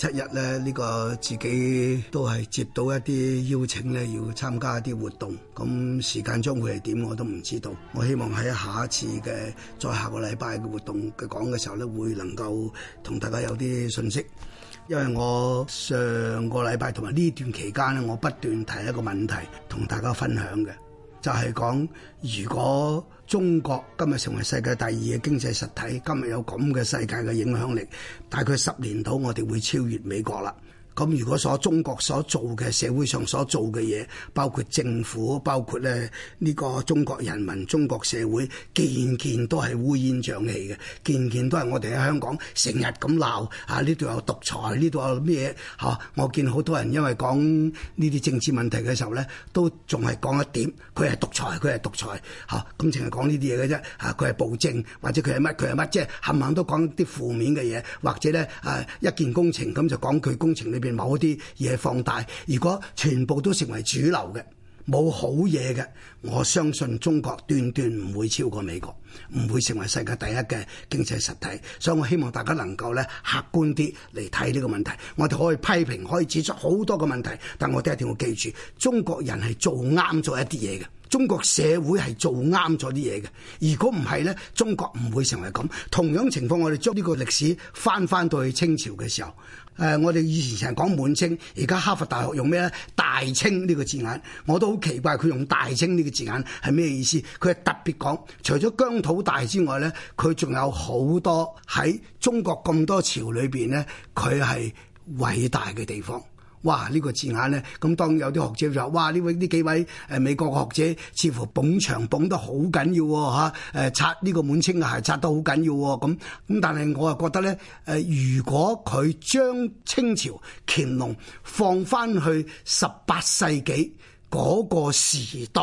七日咧，呢、這個自己都係接到一啲邀請咧，要參加一啲活動。咁時間將會係點我都唔知道。我希望喺下一次嘅，再下個禮拜嘅活動佢講嘅時候咧，會能夠同大家有啲信息。因為我上個禮拜同埋呢段期間咧，我不斷提一個問題同大家分享嘅，就係、是、講如果。中國今日成為世界第二嘅經濟實體，今日有咁嘅世界嘅影響力，大概十年到我哋會超越美國啦。咁如果所中國所做嘅社會上所做嘅嘢，包括政府，包括咧呢個中國人民、中國社會件件都係烏煙瘴氣嘅，件件都係我哋喺香港成日咁鬧啊呢度有獨裁，呢度有咩吓、啊、我見好多人因為講呢啲政治問題嘅時候咧，都仲係講一點佢係獨裁，佢係獨裁吓咁淨係講呢啲嘢嘅啫嚇，佢、啊、係、啊、暴政，或者佢係乜佢係乜，即係冚唪唥都講啲負面嘅嘢，或者咧誒、啊、一件工程咁就講佢工程咧。邊某一啲嘢，放大？如果全部都成為主流嘅，冇好嘢嘅，我相信中國斷斷唔會超過美國，唔會成為世界第一嘅經濟實體。所以我希望大家能夠咧客觀啲嚟睇呢個問題。我哋可以批評，可以指出好多嘅問題，但我哋一定要記住，中國人係做啱咗一啲嘢嘅，中國社會係做啱咗啲嘢嘅。如果唔係咧，中國唔會成為咁。同樣情況，我哋將呢個歷史返返到去清朝嘅時候。誒，我哋以前成日講滿清，而家哈佛大學用咩咧？大清呢個字眼，我都好奇怪佢用大清呢個字眼係咩意思？佢係特別講，除咗疆土大之外咧，佢仲有好多喺中國咁多朝裏邊咧，佢係偉大嘅地方。哇！呢、這個字眼咧，咁當有啲學者就話：哇！呢位呢幾位誒美國嘅學者，似乎捧場捧得好緊要喎、啊、嚇！誒、啊、擦呢個滿清嘅鞋擦得好緊要喎咁咁，但係我又覺得咧誒，如果佢將清朝乾隆放翻去十八世紀嗰個時代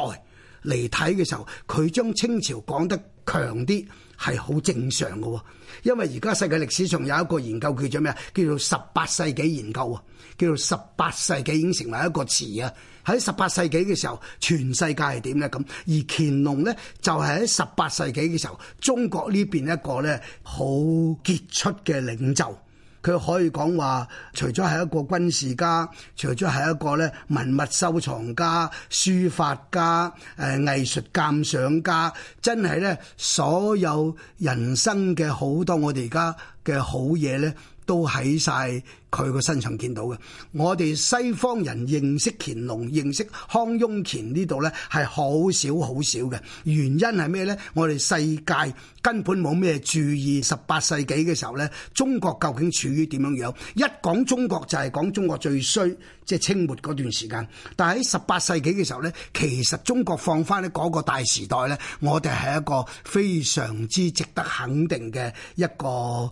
嚟睇嘅時候，佢將清朝講得強啲係好正常嘅、啊，因為而家世界歷史上有一個研究叫做咩啊？叫做十八世紀研究啊！叫做十八世紀已經成為一個詞啊！喺十八世紀嘅時候，全世界係點咧咁？而乾隆咧就係喺十八世紀嘅時候，中國呢邊一個咧好傑出嘅領袖，佢可以講話，除咗係一個軍事家，除咗係一個咧文物收藏家、書法家、誒藝術鑑賞家，真係咧所有人生嘅好多我哋而家嘅好嘢咧，都喺晒。佢個身上見到嘅，我哋西方人認識乾隆、認識康雍乾呢度呢係好少好少嘅。原因係咩呢？我哋世界根本冇咩注意十八世紀嘅時候呢，中國究竟處於點樣樣？一講中國就係講中國最衰，即係清末嗰段時間。但喺十八世紀嘅時候呢，其實中國放翻喺嗰個大時代呢，我哋係一個非常之值得肯定嘅一個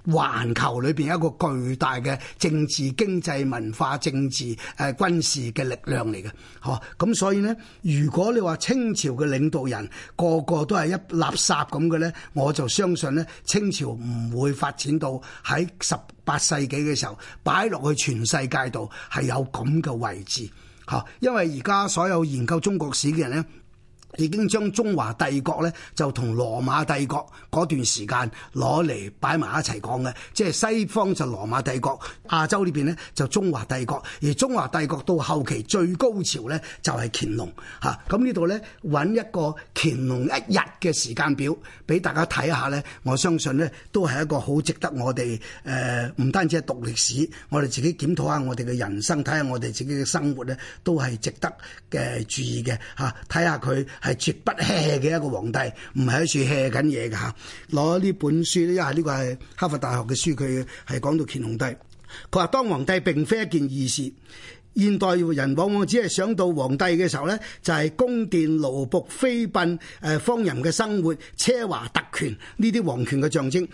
環球裏邊一個巨大嘅政。是經濟、文化、政治、誒、啊、軍事嘅力量嚟嘅，吓，咁所以呢，如果你話清朝嘅領導人個個都係一垃圾咁嘅呢，我就相信呢，清朝唔會發展到喺十八世紀嘅時候擺落去全世界度係有咁嘅位置，吓，因為而家所有研究中國史嘅人呢，已經將中華帝國咧就同羅馬帝國嗰段時間攞嚟擺埋一齊講嘅，即係西方就羅馬帝國，亞洲呢邊咧就中華帝國。而中華帝國到後期最高潮咧就係乾隆吓，咁、啊、呢度咧揾一個乾隆一日嘅時間表俾大家睇下咧，我相信咧都係一個好值得我哋誒唔單止係讀歷史，我哋自己檢討下我哋嘅人生，睇下我哋自己嘅生活咧都係值得嘅注意嘅吓，睇下佢。看看係絕不吃嘅一個皇帝，唔喺處吃 e 緊嘢嘅嚇。攞呢本書，因係呢個係哈佛大學嘅書，佢係講到乾隆帝。佢話當皇帝並非一件易事，現代人往往只係想到皇帝嘅時候呢就係、是、宮殿奴僕、飛奔誒荒淫嘅生活、奢華特權呢啲皇權嘅象徵。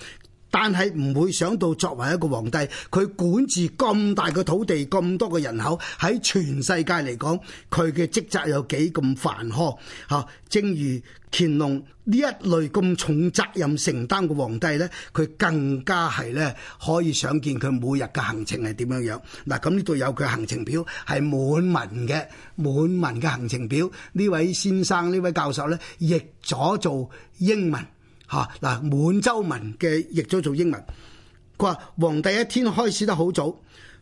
但係唔會想到，作為一個皇帝，佢管治咁大嘅土地、咁多嘅人口，喺全世界嚟講，佢嘅職責有幾咁繁苛？嚇、啊，正如乾隆呢一類咁重責任承擔嘅皇帝呢，佢更加係呢，可以想見佢每日嘅行程係點樣樣。嗱、啊，咁呢度有佢行程表，係滿文嘅，滿文嘅行程表。呢位先生、呢位教授呢，譯咗做英文。嚇嗱、啊，滿洲文嘅譯咗做英文。佢話皇帝一天開始得好早，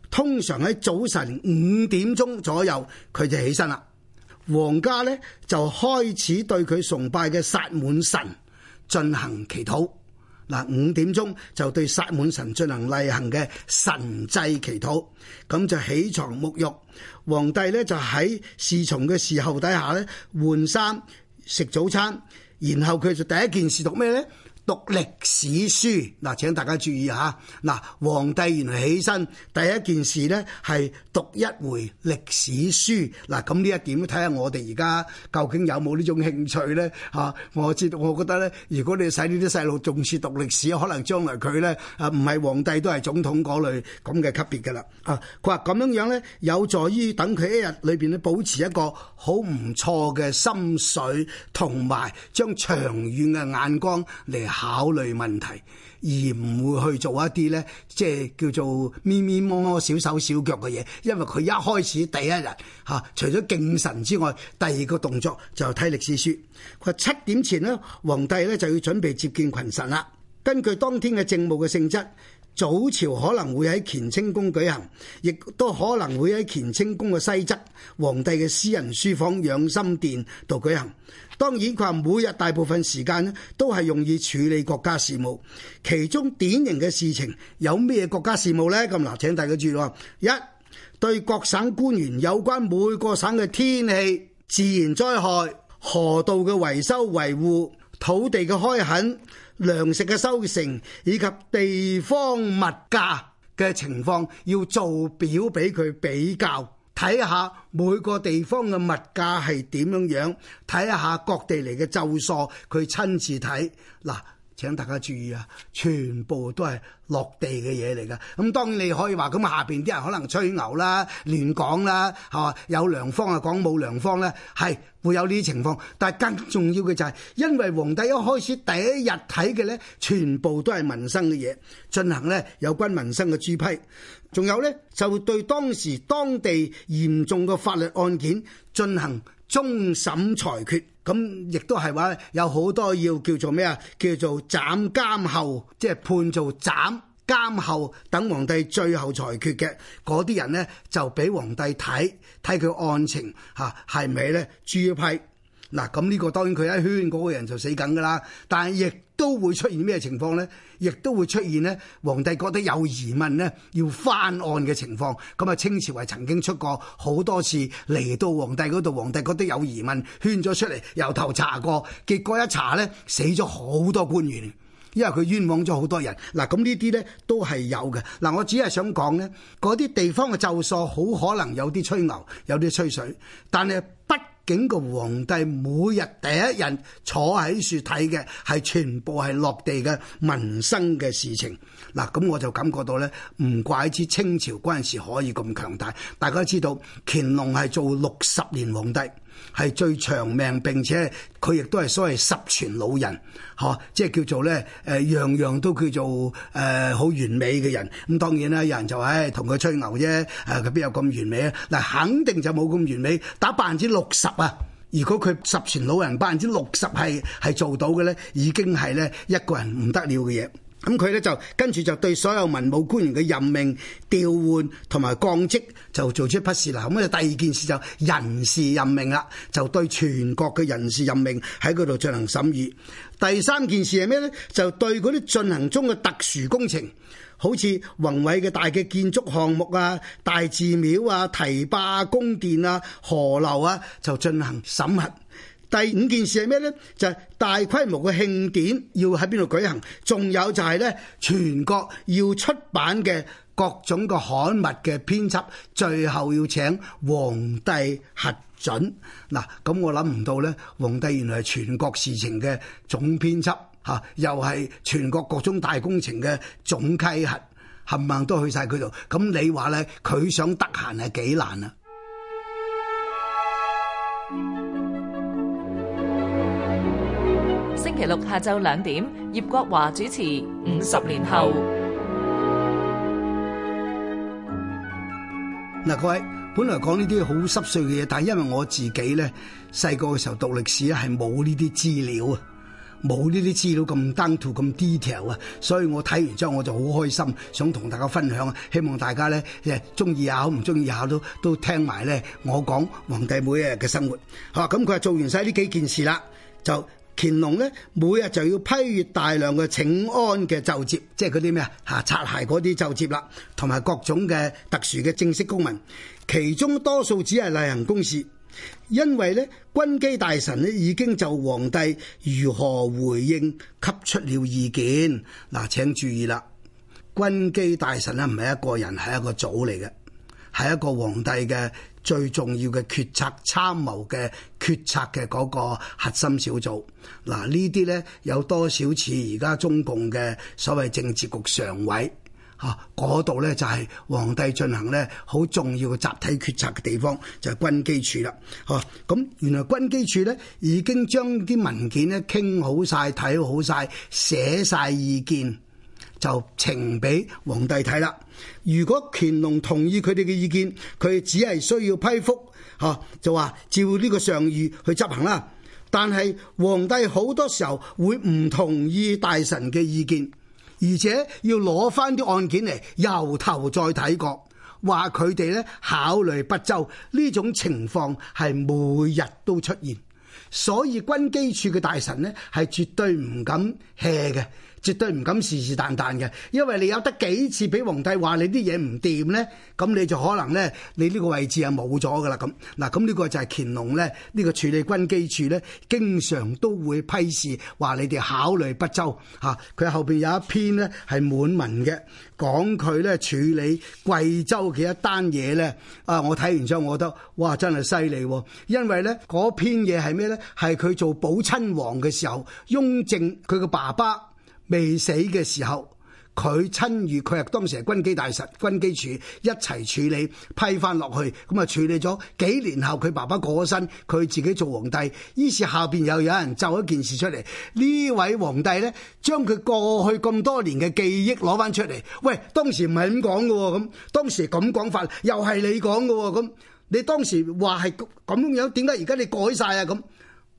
通常喺早晨五點鐘左右，佢就起身啦。皇家咧就開始對佢崇拜嘅薩滿神進行祈禱。嗱，五點鐘就對薩滿神進行例行嘅神祭祈禱。咁就起床沐浴，皇帝咧就喺侍從嘅侍候底下咧換衫食早餐。然後，佢就第一件事讀咩咧？讀歷史書嗱，請大家注意吓，嗱，皇帝原來起身第一件事咧係讀一回歷史書嗱，咁呢一點睇下我哋而家究竟有冇呢種興趣咧吓？我知道，我覺得咧，如果你使呢啲細路重視讀歷史，可能將來佢咧唔係皇帝都係總統嗰類咁嘅級別噶啦。啊，佢話咁樣樣咧，有助於等佢一日裏邊咧保持一個好唔錯嘅心水，同埋將長遠嘅眼光嚟。考慮問題，而唔會去做一啲咧，即係叫做咪咪摸摸小手小腳嘅嘢。因為佢一開始第一日吓、啊，除咗敬神之外，第二個動作就係睇歷史書。佢話七點前呢，皇帝咧就要準備接見群臣啦。根據當天嘅政務嘅性質，早朝可能會喺乾清宮舉行，亦都可能會喺乾清宮嘅西側，皇帝嘅私人書房養心殿度舉行。當然佢話每日大部分時間呢都係用以處理國家事務，其中典型嘅事情，有咩國家事務呢？咁嗱，請大家注意喎，一對各省官員有關每個省嘅天氣、自然災害、河道嘅維修維護。維護土地嘅開墾、糧食嘅收成以及地方物價嘅情況，要做表俾佢比較，睇下每個地方嘅物價係點樣樣，睇下各地嚟嘅奏疏，佢親自睇嗱。請大家注意啊！全部都係落地嘅嘢嚟噶。咁當然你可以話咁下邊啲人可能吹牛啦、亂講啦，係嘛？有良方啊，講冇良方咧，係會有呢啲情況。但係更重要嘅就係、是，因為皇帝一開始第一日睇嘅咧，全部都係民生嘅嘢，進行咧有關民生嘅硃批。仲有咧，就對當時當地嚴重嘅法律案件進行。終審裁決咁，亦都係話有好多要叫做咩啊？叫做斬監後，即係判做斬監後等皇帝最後裁決嘅嗰啲人呢，就俾皇帝睇睇佢案情吓，係咪咧，係咪呢，主要批。嗱，咁呢個當然佢一圈嗰個人就死緊㗎喇，但係亦都會出現咩情況呢？亦都會出現呢，皇帝覺得有疑問呢，要翻案嘅情況。咁啊，清朝係曾經出過好多次嚟到皇帝嗰度，皇帝覺得有疑問，圈咗出嚟，由頭查過，結果一查呢，死咗好多官員，因為佢冤枉咗好多人。嗱，咁呢啲呢，都係有嘅。嗱，我只係想講呢，嗰啲地方嘅奏疏好可能有啲吹牛，有啲吹水，但係不。整個皇帝每日第一日坐喺度睇嘅係全部係落地嘅民生嘅事情。嗱，咁我就感覺到咧，唔怪之清朝嗰陣時可以咁強大。大家知道乾隆係做六十年皇帝，係最長命並且佢亦都係所謂十全老人，嗬、啊，即係叫做咧誒、呃，樣樣都叫做誒好、呃、完美嘅人。咁、嗯、當然啦，有人就話同佢吹牛啫，誒佢邊有咁完美啊？嗱，肯定就冇咁完美，打百分之六十啊！如果佢十全老人百分之六十係係做到嘅咧，已經係咧一個人唔得了嘅嘢。咁佢咧就跟住就對所有文武官員嘅任命、調換同埋降職就做出一批示啦。咁就第二件事就人事任命啦，就對全國嘅人事任命喺度進行審議，第三件事係咩咧？就對嗰啲進行中嘅特殊工程，好似宏偉嘅大嘅建築項目啊、大寺廟啊、堤壩啊、宮殿啊、河流啊，就進行審核。第五件事係咩呢？就係大規模嘅慶典要喺邊度舉行，仲有就係呢，全國要出版嘅各種嘅刊物嘅編輯，最後要請皇帝核准。嗱，咁我諗唔到呢，皇帝原來係全國事情嘅總編輯嚇，又係全國各種大工程嘅總稽核，冚唪唥都去晒佢度。咁你話呢，佢想得閒係幾難啊？星期六下晝兩點，葉國華主持《五十年後》。嗱，各位，本來講呢啲好濕碎嘅嘢，但係因為我自己咧，細個嘅時候讀歷史咧，係冇呢啲資料啊，冇呢啲資料咁單調咁 detail 啊，所以我睇完之後我就好開心，想同大家分享，希望大家咧，誒，中意下，唔中意下都都聽埋咧，我講皇帝每一日嘅生活。吓，咁佢話做完晒呢幾件事啦，就。乾隆呢每日就要批閱大量嘅請安嘅奏折，即係嗰啲咩啊？吓，擦鞋嗰啲奏折啦，同埋各種嘅特殊嘅正式公文。其中多數只係例行公事，因為呢軍機大臣咧已經就皇帝如何回應給出了意見。嗱、啊，請注意啦，軍機大臣呢唔係一個人，係一個組嚟嘅，係一個皇帝嘅。最重要嘅決策參謀嘅決策嘅嗰個核心小組，嗱，呢啲咧有多少似而家中共嘅所謂政治局常委？嚇、啊，嗰度咧就係、是、皇帝進行咧好重要嘅集體決策嘅地方，就係、是、軍機處啦。嚇、啊，咁、嗯、原來軍機處咧已經將啲文件咧傾好晒、睇好晒、寫晒意見。就呈俾皇帝睇啦。如果乾隆同意佢哋嘅意見，佢只係需要批覆，吓、啊、就話照呢個上諭去執行啦。但係皇帝好多時候會唔同意大臣嘅意見，而且要攞翻啲案件嚟由頭再睇過，話佢哋咧考慮不周。呢種情況係每日都出現，所以軍機處嘅大臣呢係絕對唔敢 hea 嘅。絕對唔敢是是但但嘅，因為你有得幾次俾皇帝話你啲嘢唔掂咧，咁你就可能咧，你呢個位置係冇咗噶啦。咁嗱，咁呢個就係乾隆咧呢、呢個處理軍機處咧，經常都會批示話你哋考慮不周嚇。佢、啊、後邊有一篇呢係滿文嘅，講佢咧處理貴州嘅一單嘢咧。啊，我睇完之後，我覺得哇，真係犀利，因為咧嗰篇嘢係咩咧？係佢做寶親王嘅時候，雍正佢嘅爸爸。未死嘅時候，佢親與佢係當時係軍機大臣、軍機處一齊處理批翻落去，咁啊處理咗幾年後，佢爸爸過咗身，佢自己做皇帝。於是下邊又有人奏一件事出嚟，呢位皇帝呢將佢過去咁多年嘅記憶攞翻出嚟。喂，當時唔係咁講嘅喎，咁當時咁講法，又係你講嘅喎，咁你當時話係咁樣，點解而家你改曬啊？咁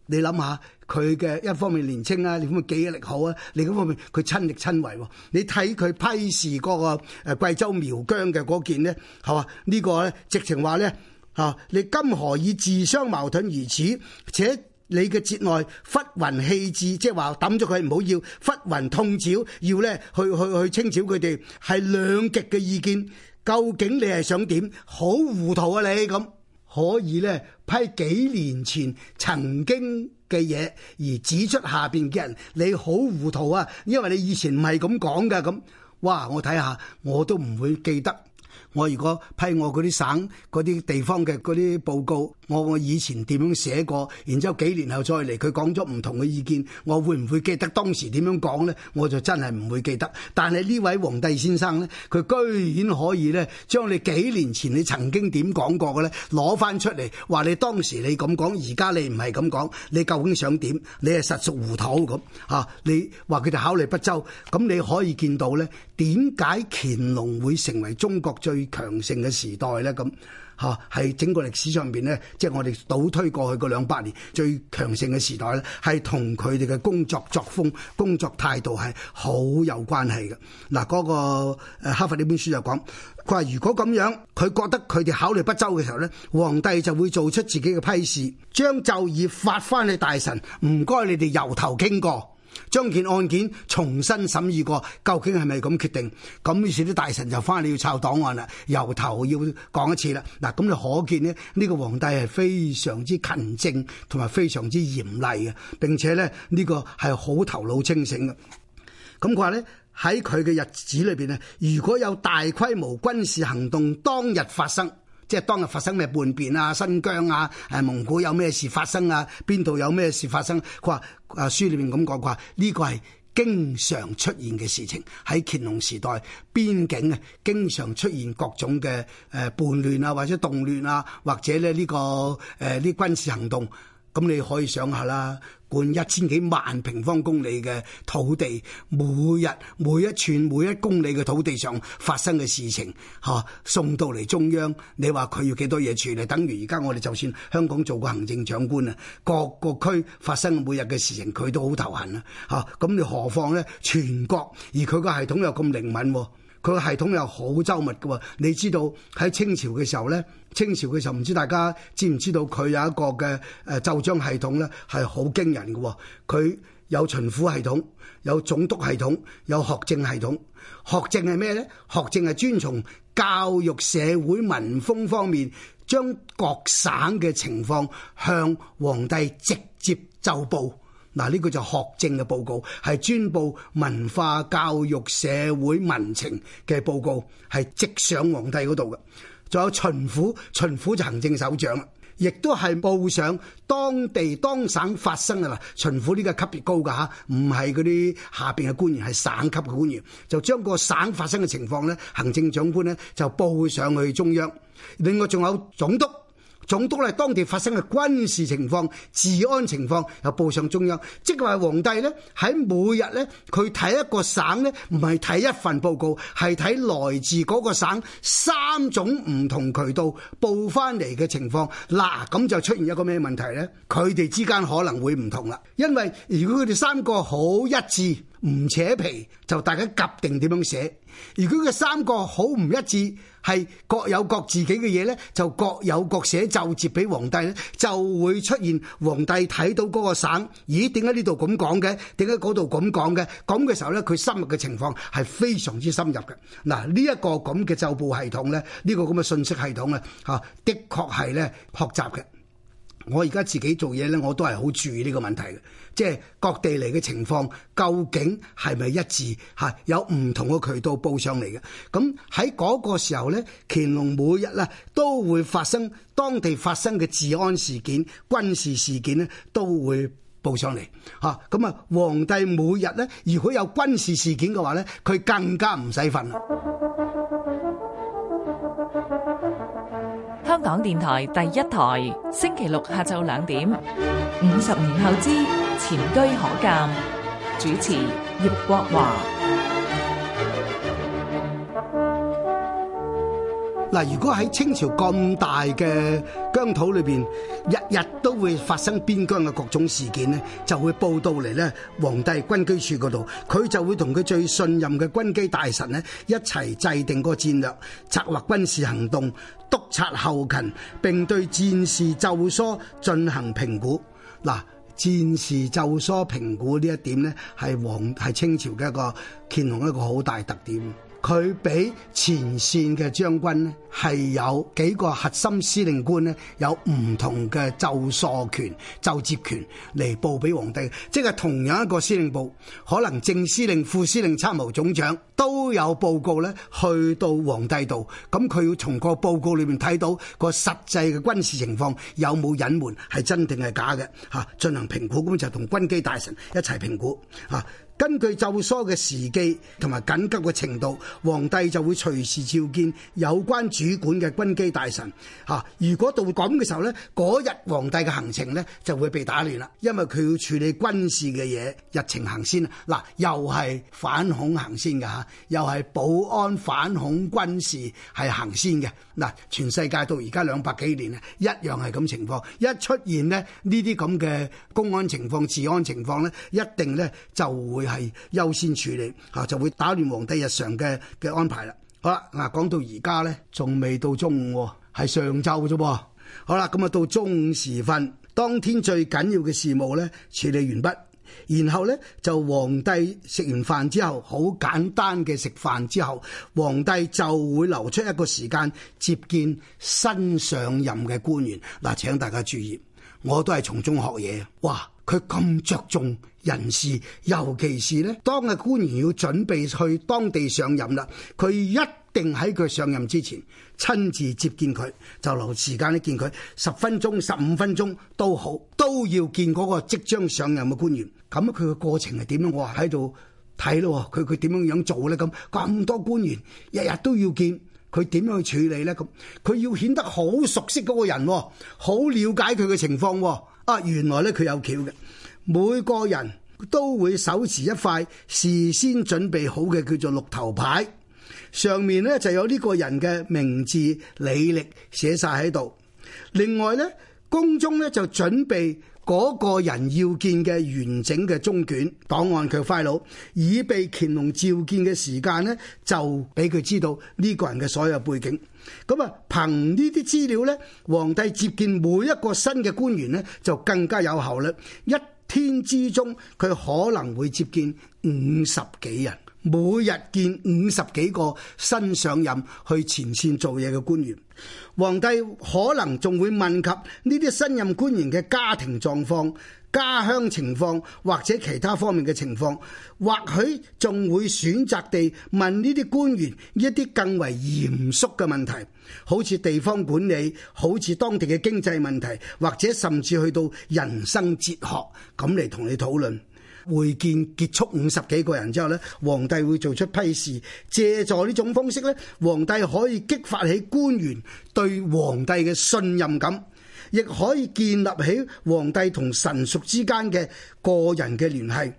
你諗下？佢嘅一方面年青啊，你咁記憶力好啊；另一方面佢親力親為、啊。你睇佢批示嗰個貴州苗疆嘅嗰件呢，係嘛？這個、呢個咧直情話咧嚇，你今何以自相矛盾如此？且你嘅節外忽云棄置，即係話抌咗佢唔好要，忽云痛剿要咧去去去，去清剿佢哋，係兩極嘅意見。究竟你係想點？好糊塗啊你！你咁可以咧批幾年前曾經。嘅嘢而指出下邊嘅人你好糊塗啊，因為你以前唔係咁講噶，咁，哇！我睇下我都唔會記得。我如果批我嗰啲省嗰啲地方嘅嗰啲報告，我我以前點樣寫過，然之後幾年後再嚟，佢講咗唔同嘅意見，我會唔會記得當時點樣講咧？我就真係唔會記得。但係呢位皇帝先生咧，佢居然可以咧，將你幾年前你曾經點講過嘅咧攞翻出嚟，話，你當時你咁講，而家你唔係咁講，你究竟想點？你係實屬糊塗咁嚇。你話佢哋考慮不周，咁你可以見到咧，點解乾隆會成為中國最強盛嘅時代咧，咁吓係整個歷史上邊咧，即係我哋倒推過去嗰兩百年最強盛嘅時代咧，係同佢哋嘅工作作風、工作態度係好有關係嘅。嗱，嗰個哈佛呢本書就講，佢話如果咁樣，佢覺得佢哋考慮不周嘅時候咧，皇帝就會做出自己嘅批示，將奏議發翻你大臣，唔該你哋由頭經過。將件案件重新審議過，究竟係咪咁決定？咁於是啲大臣就翻嚟要抄檔案啦，由頭要講一次啦。嗱，咁就可見咧，呢個皇帝係非常之勤政，同埋非常之嚴厲嘅，並且咧呢個係好頭腦清醒嘅。咁佢話呢，喺佢嘅日子裏邊咧，如果有大規模軍事行動當日發生。即係當日發生咩叛變啊、新疆啊、誒蒙古有咩事發生啊、邊度有咩事發生、啊？佢話誒書裏面咁講，佢話呢個係經常出現嘅事情。喺乾隆時代邊境啊，經常出現各種嘅誒叛亂啊，或者動亂啊，或者咧、這、呢個誒啲、呃、軍事行動。咁你可以想下啦。管一千幾萬平方公里嘅土地，每日每一寸每一公里嘅土地上發生嘅事情，嚇、啊、送到嚟中央，你話佢要幾多嘢處理？等於而家我哋就算香港做個行政長官啊，各個區發生每日嘅事情，佢都好頭痕啊，嚇，咁你何況咧全國，而佢個系統又咁靈敏、啊。佢個系統又好周密嘅喎、哦，你知道喺清朝嘅時候咧，清朝嘅時候唔知大家知唔知道佢有一個嘅誒奏章系統咧，係好驚人嘅喎、哦。佢有巡撫系統，有總督系統，有學政系統。學政係咩咧？學政係專從教育、社會、文風方面，將各省嘅情況向皇帝直接奏報。嗱，呢個就學政嘅報告，係專報文化教育社會民情嘅報告，係直上皇帝嗰度嘅。仲有巡撫，巡撫就行政首長，亦都係報上當地當省發生嘅啦。巡撫呢個級別高嘅嚇，唔係嗰啲下邊嘅官員，係省級嘅官員，就將個省發生嘅情況咧，行政長官咧就報上去中央。另外仲有總督。總督係當地發生嘅軍事情況、治安情況，又報上中央。即係話皇帝呢，喺每日呢，佢睇一個省呢唔係睇一份報告，係睇來自嗰個省三種唔同渠道報翻嚟嘅情況。嗱，咁就出現一個咩問題呢？佢哋之間可能會唔同啦。因為如果佢哋三個好一致。唔扯皮就大家夾定點樣寫。如果佢三個好唔一致，係各有各自己嘅嘢咧，就各有各寫奏折俾皇帝咧，就會出現皇帝睇到嗰個省，咦？點解呢度咁講嘅？點解嗰度咁講嘅？咁嘅時候咧，佢深入嘅情況係非常之深入嘅。嗱，呢一個咁嘅奏報系統咧，呢個咁嘅信息系統咧，嚇，的確係咧學習嘅。我而家自己做嘢咧，我都係好注意呢個問題嘅。即係各地嚟嘅情況，究竟係咪一致？吓，有唔同嘅渠道報上嚟嘅。咁喺嗰個時候咧，乾隆每日咧都會發生當地發生嘅治安事件、軍事事件咧，都會報上嚟。吓，咁啊，皇帝每日咧，如果有軍事事件嘅話咧，佢更加唔使瞓。香港電台第一台，星期六下晝兩點，五十年後之。前車可鑑，主持葉國華。嗱，如果喺清朝咁大嘅疆土裏邊，日日都會發生邊疆嘅各種事件咧，就會報到嚟咧皇帝軍機處嗰度，佢就會同佢最信任嘅軍機大臣咧一齊制定個戰略，策劃軍事行動，督察後勤，並對戰事奏疏進行評估。嗱。戰時就疏，評估呢一點咧，係皇係清朝嘅一個乾隆一個好大特點。佢俾前線嘅將軍咧，係有幾個核心司令官咧，有唔同嘅奏疏權、奏摺權嚟報俾皇帝，即係同樣一個司令部，可能正司令、副司令、參謀總長都有報告咧，去到皇帝度，咁佢要從個報告裏面睇到個實際嘅軍事情況有冇隱瞞，係真定係假嘅吓，啊，進行評估，咁就同軍機大臣一齊評估啊。根據奏疏嘅時機同埋緊急嘅程度，皇帝就會隨時召見有關主管嘅軍機大臣。嚇、啊，如果到咁嘅時候咧，嗰日皇帝嘅行程咧就會被打亂啦，因為佢要處理軍事嘅嘢日程行先啦。嗱、啊，又係反恐行先嘅吓、啊，又係保安反恐軍事係行先嘅。嗱、啊，全世界到而家兩百幾年啊，一樣係咁情況，一出現咧呢啲咁嘅公安情況治安情況咧，一定咧就會。係優先處理吓、啊，就會打亂皇帝日常嘅嘅安排啦。好啦，嗱、啊，講到而家咧，仲未到中午，啊，係上晝嘅啫。好啦，咁啊到中午時分，當天最緊要嘅事務咧處理完畢，然後咧就皇帝食完飯之後，好簡單嘅食飯之後，皇帝就會留出一個時間接見新上任嘅官員。嗱、啊，請大家注意。我都係從中學嘢，哇！佢咁着重人事，尤其是咧，當嘅官員要準備去當地上任啦，佢一定喺佢上任之前親自接見佢，就留時間咧見佢，十分鐘、十五分鐘都好，都要見嗰個即將上任嘅官員。咁佢嘅過程係點咧？我話喺度睇咯，佢佢點樣樣做咧？咁咁多官員日日都要見。佢點樣去處理咧？咁佢要顯得好熟悉嗰個人，哦，好了解佢嘅情況，哦。啊，原來咧佢有橋嘅。每個人都會手持一塊事先準備好嘅叫做綠頭牌，上面咧就有呢個人嘅名字、履歷寫晒喺度。另外咧，宮中咧就準備嗰個人要見嘅完整嘅宗卷檔案，佢嘅 file，以備乾隆召見嘅時間呢，就俾佢知道呢個人嘅所有背景。咁啊，憑呢啲資料呢，皇帝接見每一個新嘅官員呢，就更加有效率。一天之中，佢可能會接見五十幾人。每日見五十幾個新上任去前線做嘢嘅官員，皇帝可能仲會問及呢啲新任官員嘅家庭狀況、家鄉情況或者其他方面嘅情況，或許仲會選擇地問呢啲官員一啲更為嚴肅嘅問題，好似地方管理、好似當地嘅經濟問題，或者甚至去到人生哲學咁嚟同你討論。會見結束五十幾個人之後呢，皇帝會做出批示，借助呢種方式呢，皇帝可以激發起官員對皇帝嘅信任感，亦可以建立起皇帝同臣屬之間嘅個人嘅聯繫，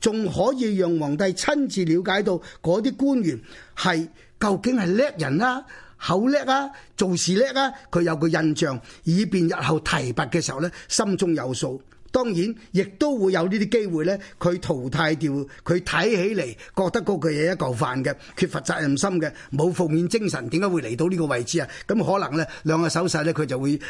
仲可以讓皇帝親自了解到嗰啲官員係究竟係叻人啦、啊、口叻啊、做事叻啊，佢有個印象，以便日後提拔嘅時候呢，心中有數。當然，亦都會有呢啲機會呢。佢淘汰掉佢睇起嚟覺得嗰個有一嚿飯嘅，缺乏責任心嘅，冇負面精神，點解會嚟到呢個位置啊？咁可能呢兩個手勢呢，佢就會誒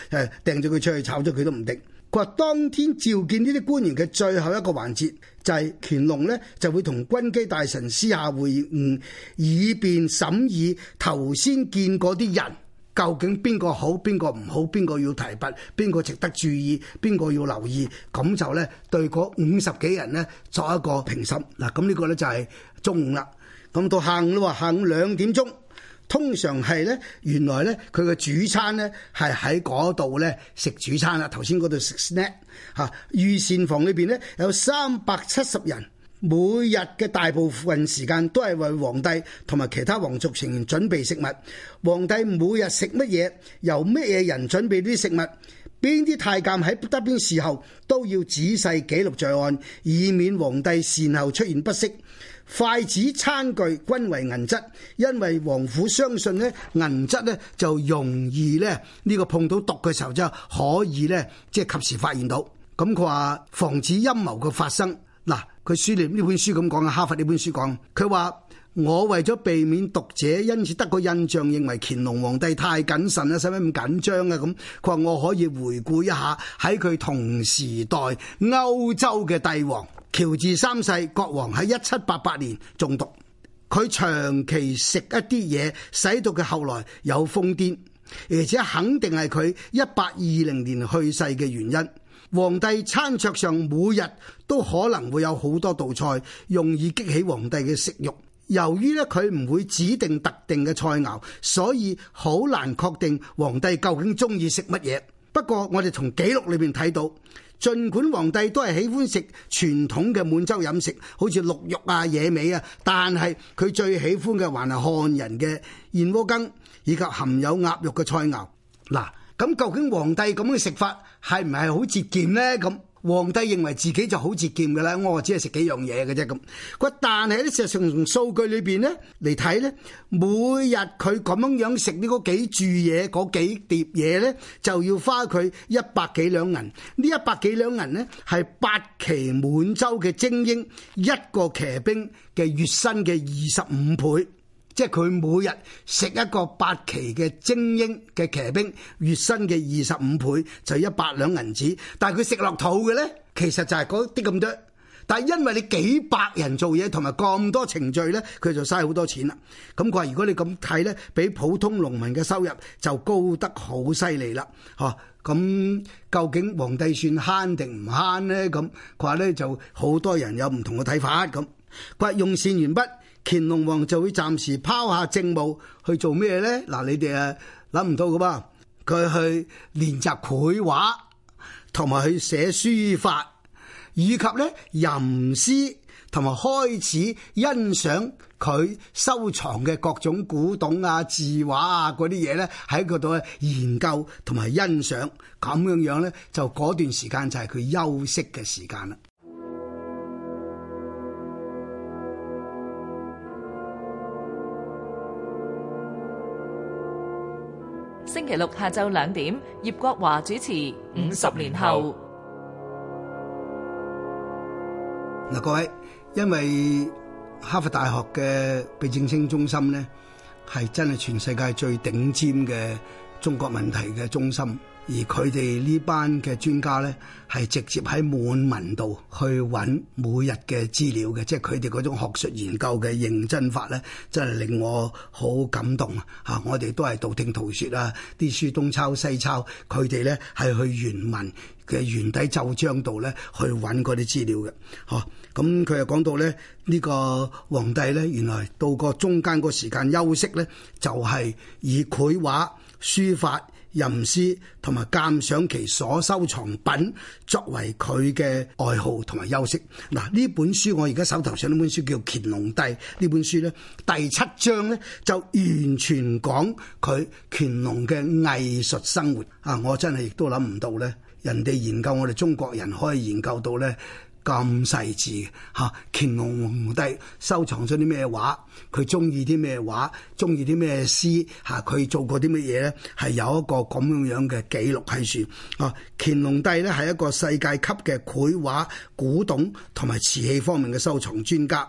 掟咗佢出去，炒咗佢都唔定。佢話當天召見呢啲官員嘅最後一個環節，就係、是、乾隆呢就會同軍機大臣私下會晤，以便審議頭先見過啲人。究竟邊個好，邊個唔好，邊個要提拔，邊個值得注意，邊個要留意，咁就咧對嗰五十幾人咧作一個評審。嗱，咁呢個咧就係中午啦。咁到下午啦，下午兩點鐘，通常係咧原來咧佢嘅主餐咧係喺嗰度咧食主餐啦。頭先嗰度食 snack 吓，御膳房裏邊咧有三百七十人。每日嘅大部分時間都係為皇帝同埋其他皇族成員準備食物。皇帝每日食乜嘢，由乜嘢人準備啲食物，邊啲太監喺不得邊侍候，都要仔細記錄在案，以免皇帝事後出現不適。筷子餐具均為銀質，因為王府相信咧銀質咧就容易咧呢個碰到毒嘅時候就可以咧即係及時發現到。咁佢話防止陰謀嘅發生嗱。佢書念呢本書咁講啊，哈佛呢本書講，佢話我為咗避免讀者因此得個印象認為乾隆皇帝太謹慎啦，使唔使咁緊張啊？咁佢話我可以回顧一下喺佢同時代歐洲嘅帝王、喬治三世國王喺一七八八年中毒，佢長期食一啲嘢，使到佢後來有瘋癲，而且肯定係佢一八二零年去世嘅原因。皇帝餐桌上每日都可能會有好多道菜，容易激起皇帝嘅食欲。由於咧，佢唔會指定特定嘅菜肴，所以好難確定皇帝究竟中意食乜嘢。不過我哋從記錄裏邊睇到，儘管皇帝都係喜歡食傳統嘅滿洲飲食，好似鹿肉啊、野味啊，但係佢最喜歡嘅還係漢人嘅燕窩羹以及含有鴨肉嘅菜肴。嗱。咁究竟皇帝咁嘅食法係唔係好節儉咧？咁皇帝認為自己就好節儉㗎啦，我只係食幾樣嘢嘅啫。咁，但係咧，事實上從數據裏邊咧嚟睇咧，每日佢咁樣樣食呢嗰幾注嘢、嗰幾碟嘢咧，就要花佢一百幾兩銀。呢一百幾兩銀咧，係八旗滿洲嘅精英一個騎兵嘅月薪嘅二十五倍。即係佢每日食一個八旗嘅精英嘅騎兵月薪嘅二十五倍就一百兩銀子，但係佢食落肚嘅咧，其實就係嗰啲咁多。但係因為你幾百人做嘢同埋咁多程序咧，佢就嘥好多錢啦。咁佢話如果你咁睇咧，比普通農民嘅收入就高得好犀利啦。嚇、啊、咁、嗯、究竟皇帝算慳定唔慳咧？咁佢話咧就好多人有唔同嘅睇法咁。佢話用線完筆。乾隆王就會暫時拋下政務去做咩咧？嗱，你哋啊諗唔到㗎噃，佢去練習繪畫，同埋去寫書法，以及咧吟詩，同埋開始欣賞佢收藏嘅各種古董啊、字畫啊嗰啲嘢咧，喺嗰度研究同埋欣賞，咁樣樣咧就嗰段時間就係佢休息嘅時間啦。星期六下晝兩點，葉國華主持《五十年後》。嗱，各位，因為哈佛大學嘅費正清中心咧，係真係全世界最頂尖嘅中國問題嘅中心。而佢哋呢班嘅專家咧，係直接喺滿文度去揾每日嘅資料嘅，即係佢哋嗰種學術研究嘅認真法咧，真係令我好感動啊！嚇，我哋都係道聽途説啊，啲書東抄西抄，佢哋咧係去原文嘅原底奏章度咧去揾嗰啲資料嘅，嚇、啊。咁佢又講到咧，呢個皇帝咧，原來到個中間個時間休息咧，就係以繪畫、書法。吟詩同埋鑒賞其所收藏品，作為佢嘅愛好同埋休息。嗱，呢本書我而家手頭上呢本書叫《乾隆帝》，呢本書咧第七章咧就完全講佢乾隆嘅藝術生活。啊，我真係亦都諗唔到咧，人哋研究我哋中國人可以研究到咧。咁細緻嘅嚇，乾隆皇帝收藏咗啲咩畫？佢中意啲咩畫？中意啲咩詩？嚇，佢做過啲乜嘢咧？係有一個咁樣樣嘅記錄喺書啊！乾隆帝咧係、啊一，啊、一個世界級嘅繪畫、古董同埋瓷器方面嘅收藏專家。誒、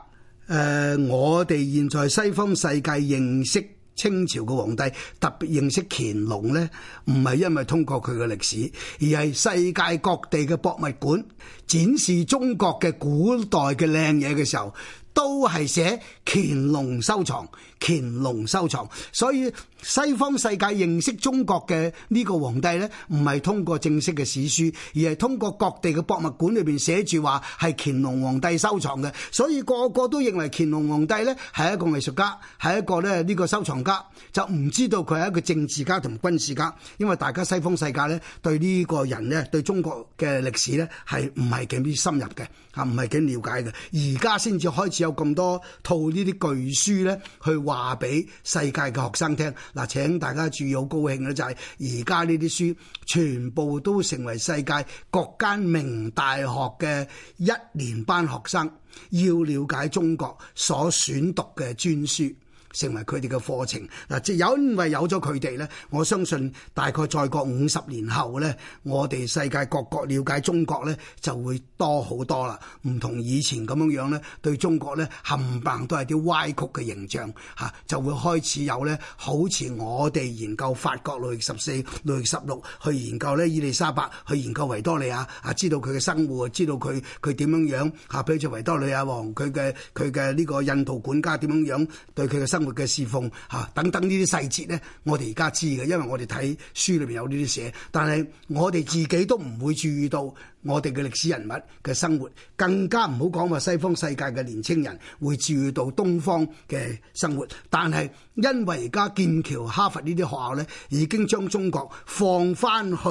呃，我哋現在西方世界認識。清朝嘅皇帝特別認識乾隆呢，唔係因為通過佢嘅歷史，而係世界各地嘅博物館展示中國嘅古代嘅靚嘢嘅時候。都係寫乾隆收藏，乾隆收藏，所以西方世界認識中國嘅呢個皇帝咧，唔係通過正式嘅史書，而係通過各地嘅博物館裏邊寫住話係乾隆皇帝收藏嘅，所以個個都認為乾隆皇帝咧係一個藝術家，係一個咧呢個收藏家，就唔知道佢係一個政治家同軍事家，因為大家西方世界咧對呢個人咧對中國嘅歷史咧係唔係幾深入嘅，啊唔係幾了解嘅，而家先至開始有。有咁多套呢啲巨書咧，去話俾世界嘅學生聽。嗱，請大家注意，好高興咧，就係而家呢啲書全部都成為世界各間名大學嘅一年班學生要了解中國所選讀嘅專書。成為佢哋嘅課程嗱，即係因為有咗佢哋咧，我相信大概再過五十年後咧，我哋世界各國了解中國咧就會多好多啦，唔同以前咁樣樣咧，對中國咧冚棒都係啲歪曲嘅形象嚇，就會開始有咧，好似我哋研究法國 l o 十四、l o 十六去研究咧伊利莎白，去研究維多利亞啊，知道佢嘅生活，知道佢佢點樣樣嚇，譬如做維多利亞王佢嘅佢嘅呢個印度管家點樣樣對佢嘅生。生活嘅侍奉吓、啊、等等呢啲細節咧，我哋而家知嘅，因為我哋睇書裏面有呢啲寫，但係我哋自己都唔會注意到我哋嘅歷史人物嘅生活，更加唔好講話西方世界嘅年青人會注意到東方嘅生活。但係因為而家劍橋哈佛呢啲學校咧，已經將中國放翻去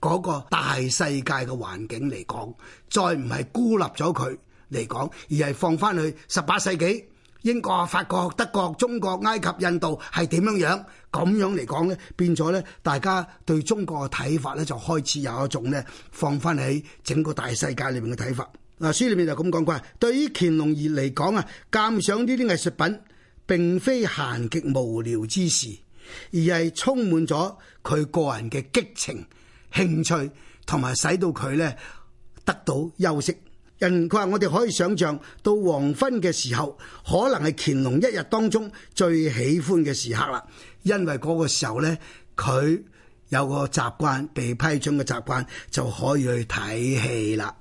嗰個大世界嘅環境嚟講，再唔係孤立咗佢嚟講，而係放翻去十八世紀。英國、法國、德國、中國、埃及、印度係點樣樣？咁樣嚟講咧，變咗咧，大家對中國嘅睇法咧，就開始有一種咧，放翻喺整個大世界裏面嘅睇法。嗱，書裏面就咁講，佢話：對於乾隆而言嚟講啊，鑑賞呢啲藝術品並非閒極無聊之事，而係充滿咗佢個人嘅激情、興趣同埋，使到佢咧得到休息。人佢話，我哋可以想象到黃昏嘅時候，可能係乾隆一日當中最喜歡嘅時刻啦，因為嗰個時候咧，佢有個習慣，被批准嘅習慣就可以去睇戲啦。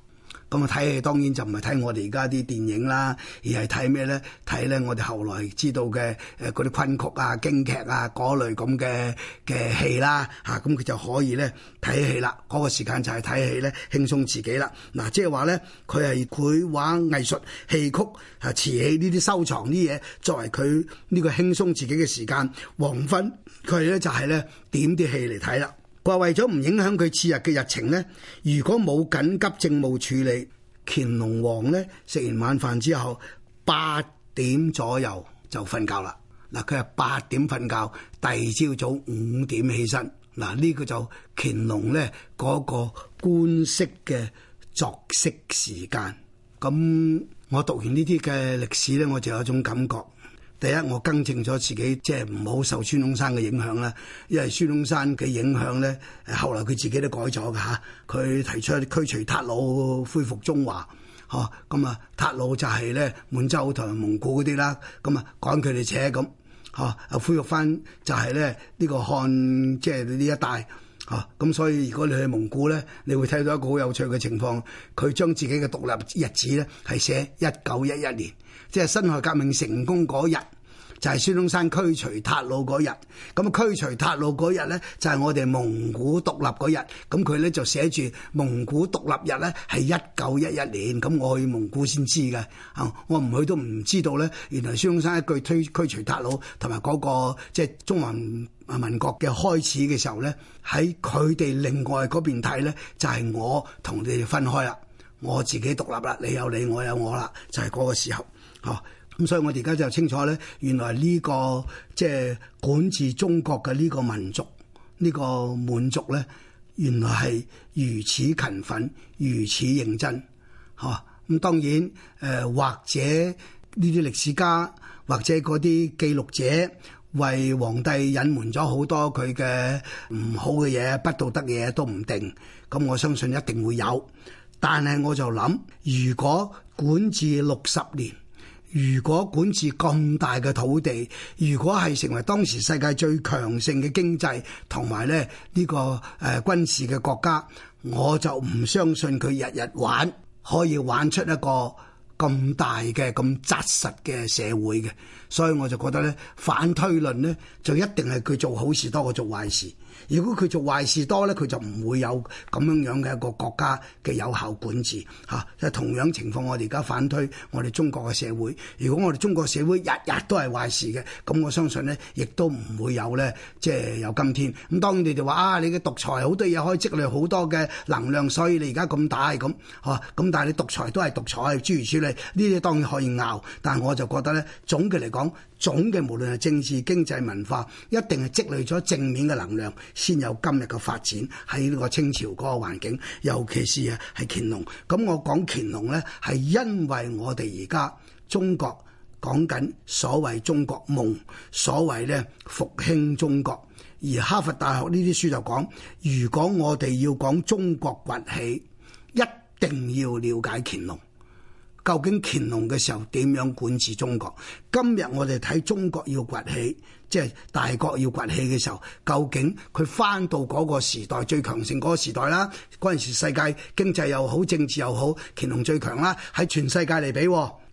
咁啊，睇戲當然就唔係睇我哋而家啲電影啦，而係睇咩咧？睇咧我哋後來知道嘅誒嗰啲昆曲啊、京劇啊嗰類咁嘅嘅戲啦，嚇咁佢就可以咧睇戲啦。嗰、那個時間就係睇戲咧，輕鬆自己啦。嗱、啊，即係話咧，佢係繪畫藝術、戲曲啊、瓷器呢啲收藏啲嘢，作為佢呢個輕鬆自己嘅時間。黃昏佢咧就係、是、咧點啲戲嚟睇啦。佢話為咗唔影響佢次日嘅日程咧，如果冇緊急政務處理，乾隆王咧食完晚飯之後八點左右就瞓覺啦。嗱，佢係八點瞓覺，第二朝早五點起身。嗱，呢個就乾隆咧嗰個官式嘅作息時間。咁我讀完呢啲嘅歷史咧，我就有一種感覺。第一，我更正咗自己，即係唔好受孫中山嘅影響啦。因為孫中山嘅影響咧，後嚟佢自己都改咗㗎嚇。佢提出驅除韃虜，恢復中華。嚇咁啊，韃虜就係咧滿洲同蒙古嗰啲啦。咁、嗯、啊趕佢哋扯咁嚇，啊、哦、恢復翻就係咧呢、這個漢即係呢一帶嚇。咁、哦嗯、所以如果你去蒙古咧，你會睇到一個好有趣嘅情況。佢將自己嘅獨立日子咧係寫一九一一年，即係辛亥革命成功嗰日。就係孫中山驅除韃虜嗰日，咁啊驅除韃虜嗰日咧就係我哋蒙古獨立嗰日，咁佢咧就寫住蒙古獨立日咧係一九一一年，咁我去蒙古先知嘅，啊我唔去都唔知道咧，原來孫中山一句驅驅除韃虜同埋嗰個即係中華民國嘅開始嘅時候咧，喺佢哋另外嗰邊睇咧就係我同你哋分開啦，我自己獨立啦，你有你我有我啦，就係嗰個時候，嚇。咁所以我哋而家就清楚咧，原來呢、這個即係、就是、管治中國嘅呢個民族，呢、這個滿族咧，原來係如此勤奮，如此認真，嚇、啊、咁當然誒、呃，或者呢啲歷史家或者嗰啲記錄者為皇帝隱瞞咗好多佢嘅唔好嘅嘢，不道德嘅嘢都唔定。咁我相信一定會有，但係我就諗，如果管治六十年。如果管治咁大嘅土地，如果係成為當時世界最強盛嘅經濟同埋咧，呢個誒軍事嘅國家，我就唔相信佢日日玩可以玩出一個咁大嘅咁紮實嘅社會嘅，所以我就覺得咧，反推論咧，就一定係佢做好事多過做壞事。如果佢做壞事多呢，佢就唔會有咁樣樣嘅一個國家嘅有效管治吓。啊，即係同樣情況我哋而家反推我哋中國嘅社會，如果我哋中國社會日日都係壞事嘅，咁我相信呢亦都唔會有呢，即係有今天。咁、嗯、當然你哋話啊，你嘅獨裁好多嘢可以積累好多嘅能量，所以你而家咁大咁吓，咁、啊、但係你獨裁都係獨裁，諸如此類呢啲當然可以拗。但係我就覺得呢，總嘅嚟講，總嘅無論係政治、經濟、文化，一定係積累咗正面嘅能量。先有今日嘅發展，喺呢個清朝嗰個環境，尤其是啊係乾隆。咁我講乾隆呢，係因為我哋而家中國講緊所謂中國夢，所謂呢「復興中國」。而哈佛大學呢啲書就講，如果我哋要講中國崛起，一定要了解乾隆。究竟乾隆嘅時候點樣管治中國？今日我哋睇中國要崛起，即係大國要崛起嘅時候，究竟佢翻到嗰個時代最強盛嗰個時代啦？嗰陣時世界經濟又好，政治又好，乾隆最強啦，喺全世界嚟比，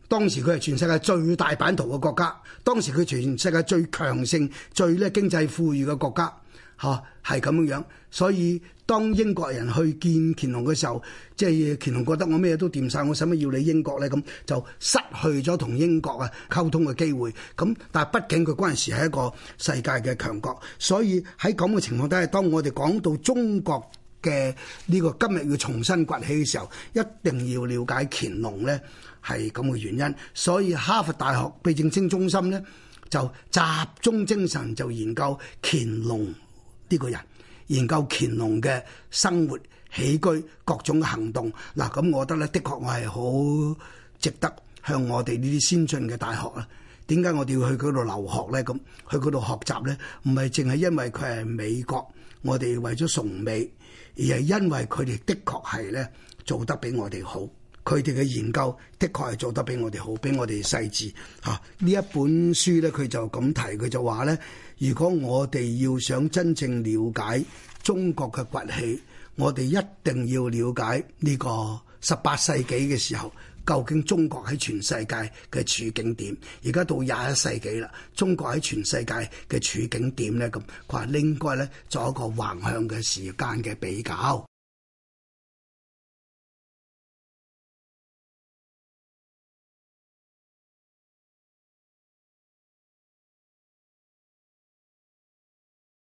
當時佢係全世界最大版圖嘅國家，當時佢全世界最強盛、最咧經濟富裕嘅國家，吓，係咁樣樣。所以，當英國人去見乾隆嘅時候，即係乾隆覺得我咩都掂晒，我使乜要你英國咧？咁就失去咗同英國啊溝通嘅機會，咁但係畢竟佢嗰陣時係一個世界嘅強國，所以喺咁嘅情況底下，當我哋講到中國嘅呢個今日要重新崛起嘅時候，一定要了解乾隆咧，係咁嘅原因。所以哈佛大學費正清中心咧就集中精神就研究乾隆呢個人。研究乾隆嘅生活起居各種嘅行動。嗱，咁我覺得咧，的確我係好值得向我哋呢啲先進嘅大學啊！點解我哋要去嗰度留學咧？咁去嗰度學習咧？唔係淨係因為佢係美國，我哋為咗崇美，而係因為佢哋的確係咧做得比我哋好。佢哋嘅研究的確係做得比我哋好，比我哋細緻。嚇、啊，呢一本書咧，佢就咁提，佢就話咧，如果我哋要想真正了解中國嘅崛起，我哋一定要了解呢個十八世紀嘅時候，究竟中國喺全世界嘅處境點。而家到廿一世紀啦，中國喺全世界嘅處境點咧？咁佢話應該咧做一個橫向嘅時間嘅比較。